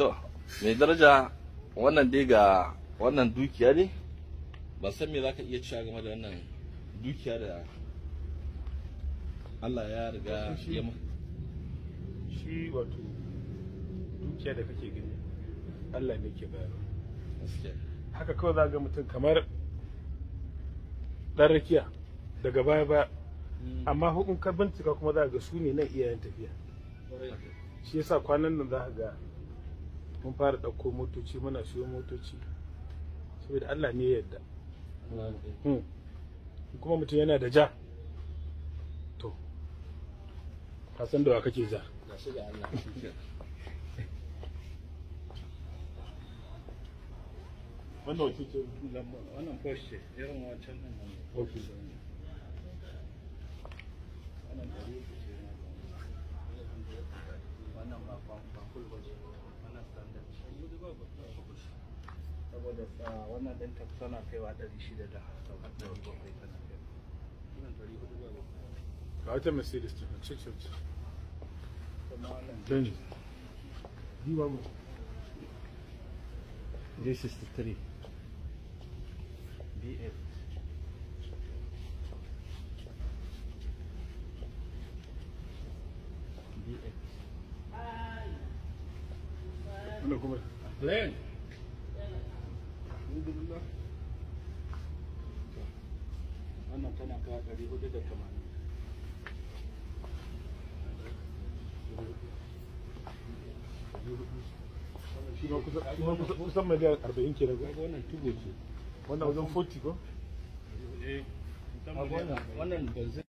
to mai daraja wannan dai ga wannan dukiya ne ban san me za ka iya cewa game da wannan dukiya da Allah ya riga ya ma shi wato dukiya da kake gani Allah ne ke bayarwa haka kawai za ga mutum kamar dan rakiya daga baya ba hmm. amma hukun ka bincika kuma za ga su ne nan iyayen tafiya shi yasa kwanan nan za ga mun fara ɗauko motoci muna siyo motoci saboda Allah ne yadda hmm. kuma mutum yana da ja to ka da wa kake ja wannan wakilci wannan porsche irin wancan nan wannan ɗin ta tana kaiwa ɗari shida da sauran ɗari bakwai tana kaiwa wannan ɗari hudu da bakwai ga BF BF Olha como é. wannan tana kawo ɗari hudu da tamanin kusan miliyar arba'in ke daga wannan tubo ce wannan wajen 40 ko? Eh, wannan